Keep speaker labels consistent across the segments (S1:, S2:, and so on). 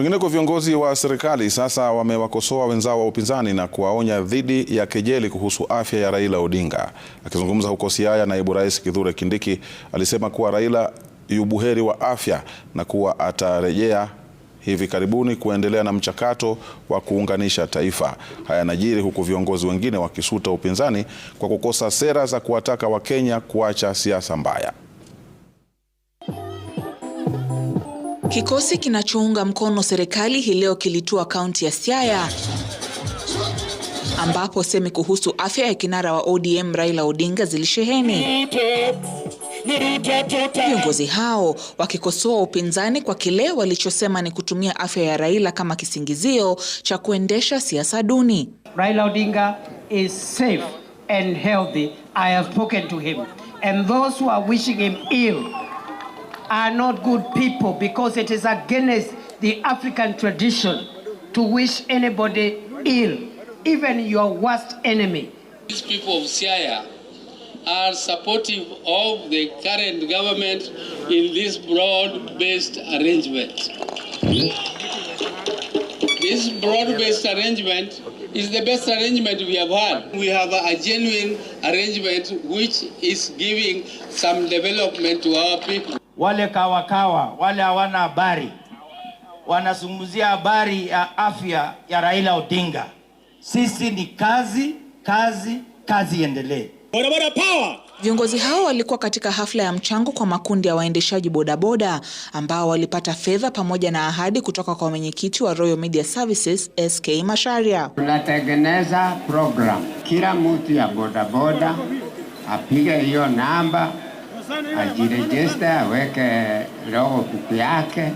S1: Wengineko, viongozi wa serikali sasa wamewakosoa wenzao wa upinzani na kuwaonya dhidi ya kejeli kuhusu afya ya Raila Odinga. Akizungumza huko Siaya, naibu rais Kithure Kindiki alisema kuwa Raila yubuheri wa afya na kuwa atarejea hivi karibuni kuendelea na mchakato wa kuunganisha taifa. Haya yanajiri huku viongozi wengine wakisuta upinzani kwa kukosa sera za kuwataka Wakenya kuacha siasa mbaya.
S2: Kikosi kinachounga mkono serikali hii leo kilitua kaunti ya Siaya ambapo semi kuhusu afya ya kinara wa ODM Raila Odinga zilisheheni. Viongozi hao wakikosoa upinzani kwa kile walichosema ni kutumia afya ya Raila kama kisingizio cha kuendesha siasa duni.
S3: Raila Odinga is safe and healthy. I have spoken to him and those who are wishing him ill are not good people because it is against the African tradition to wish anybody ill, even your worst enemy.
S4: These people of Siaya are supportive of the current government in this broad-based arrangement. This broad-based arrangement is the best arrangement we have had. We have a genuine arrangement which is giving some development to our people.
S5: wale kawakawa wale hawana habari, wanazungumzia habari ya afya ya Raila Odinga. Sisi ni kazi, kazi, kazi iendelee. Barabara
S2: power. Viongozi hao walikuwa katika hafla ya mchango kwa makundi ya waendeshaji bodaboda ambao walipata fedha pamoja na ahadi kutoka kwa mwenyekiti wa Royal Media Services SK Masharia.
S6: Tunatengeneza program, kila mtu ya bodaboda apige hiyo namba register aweke roho kuku yake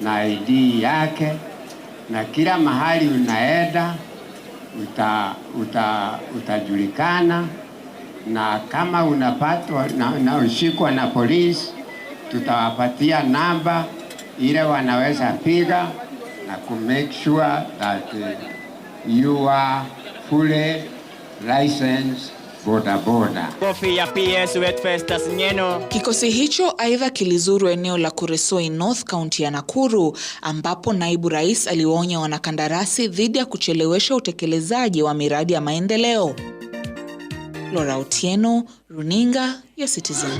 S6: na ID yake, na kila mahali unaenda uta, uta, utajulikana na kama unapatwa na ushikwa na, polisi tutawapatia namba ile wanaweza piga na ku make sure that uh, you are fully licensed
S7: PS Nyeno.
S2: Kikosi hicho aidha kilizuru eneo la Kuresoi North, kaunti ya Nakuru, ambapo naibu rais aliwaonya wanakandarasi dhidi ya kuchelewesha utekelezaji wa miradi ya maendeleo. Laura Otieno, Runinga ya Citizen.